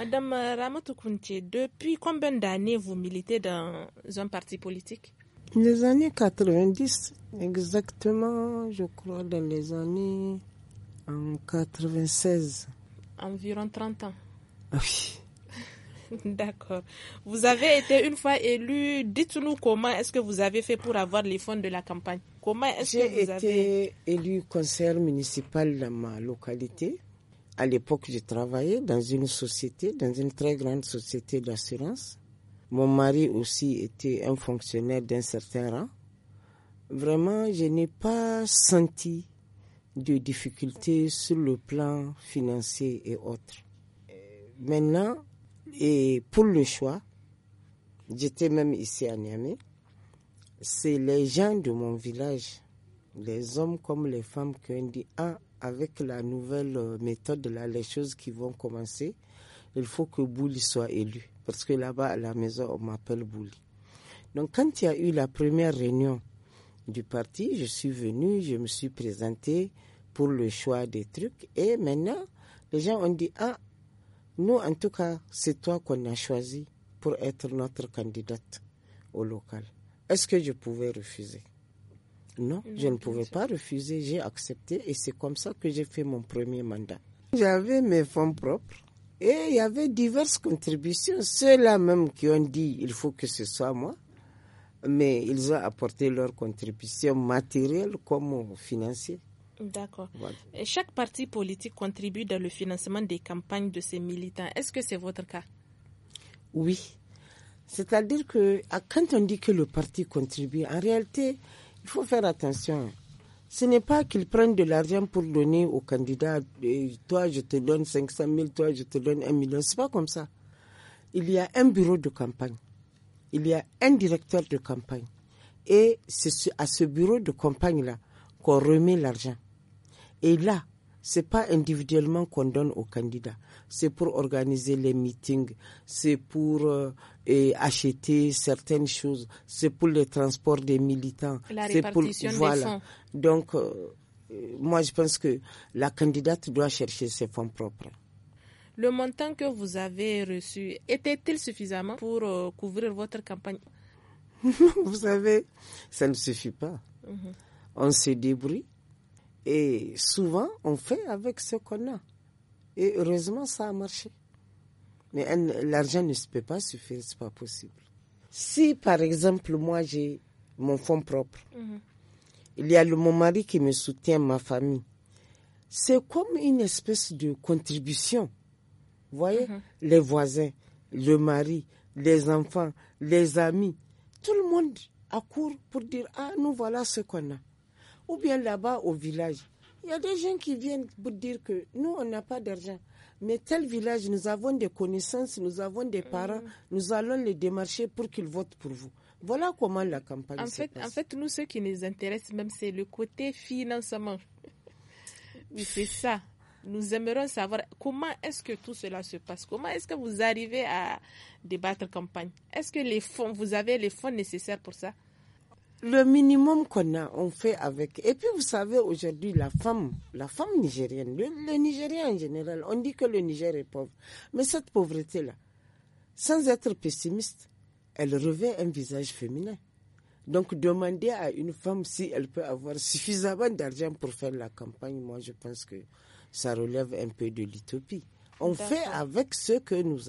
Madame Ramatou depuis combien d'années vous militez dans un parti politique Les années 90, exactement, je crois, dans les années en 96. Environ 30 ans. Ah oui. D'accord. Vous avez été une fois élu. Dites-nous comment est-ce que vous avez fait pour avoir les fonds de la campagne. Comment est-ce que vous avez... J'ai été élu conseiller municipal dans ma localité à l'époque, je travaillais dans une société, dans une très grande société d'assurance. Mon mari aussi était un fonctionnaire d'un certain rang. Vraiment, je n'ai pas senti de difficultés sur le plan financier et autres. Maintenant, et pour le choix, j'étais même ici à Niamey, c'est les gens de mon village les hommes comme les femmes qui dit ah avec la nouvelle euh, méthode là les choses qui vont commencer il faut que Bouli soit élu parce que là-bas à la maison on m'appelle Bouli donc quand il y a eu la première réunion du parti je suis venu je me suis présentée pour le choix des trucs et maintenant les gens ont dit ah nous en tout cas c'est toi qu'on a choisi pour être notre candidate au local est-ce que je pouvais refuser non, je ne pouvais pas refuser, j'ai accepté et c'est comme ça que j'ai fait mon premier mandat. J'avais mes fonds propres et il y avait diverses contributions. Ceux-là même qui ont dit il faut que ce soit moi, mais ils ont apporté leur contribution matérielle comme financières. D'accord. Chaque parti politique contribue dans le financement des campagnes de ses militants. Est-ce que c'est votre cas Oui. C'est-à-dire que ah, quand on dit que le parti contribue, en réalité, il faut faire attention. Ce n'est pas qu'ils prennent de l'argent pour donner au candidat. toi, je te donne 500 000, toi, je te donne 1 million. C'est pas comme ça. Il y a un bureau de campagne. Il y a un directeur de campagne. Et c'est à ce bureau de campagne-là qu'on remet l'argent. Et là, c'est pas individuellement qu'on donne aux candidats. C'est pour organiser les meetings, c'est pour euh, acheter certaines choses, c'est pour le transport des militants, c'est pour voilà. Donc euh, moi je pense que la candidate doit chercher ses fonds propres. Le montant que vous avez reçu était-il suffisamment pour euh, couvrir votre campagne Vous savez, ça ne suffit pas. Mhm. On se débrouille et souvent, on fait avec ce qu'on a. Et heureusement, ça a marché. Mais l'argent ne peut pas suffire, c'est pas possible. Si, par exemple, moi, j'ai mon fonds propre, mhm. il y a le, mon mari qui me soutient, ma famille. C'est comme une espèce de contribution. Vous voyez, mhm. les voisins, le mari, les enfants, les amis, tout le monde accourt pour dire, ah, nous voilà ce qu'on a ou bien là-bas au village. Il y a des gens qui viennent pour dire que nous, on n'a pas d'argent. Mais tel village, nous avons des connaissances, nous avons des parents, mm. nous allons les démarcher pour qu'ils votent pour vous. Voilà comment la campagne se fait, passe. En fait, nous, ce qui nous intéresse même, c'est le côté financement. c'est ça. Nous aimerions savoir comment est-ce que tout cela se passe. Comment est-ce que vous arrivez à débattre campagne Est-ce que les fonds, vous avez les fonds nécessaires pour ça le minimum qu'on a, on fait avec. Et puis vous savez, aujourd'hui, la femme, la femme nigérienne, le, le, en général, on dit que le Niger est pauvre. Mais cette pauvreté-là, sans être pessimiste, elle revêt un visage féminin. Donc demander à une femme si elle peut avoir suffisamment d'argent pour faire la campagne, moi je pense que ça relève un peu de l'utopie. On fait avec ce que nous avons.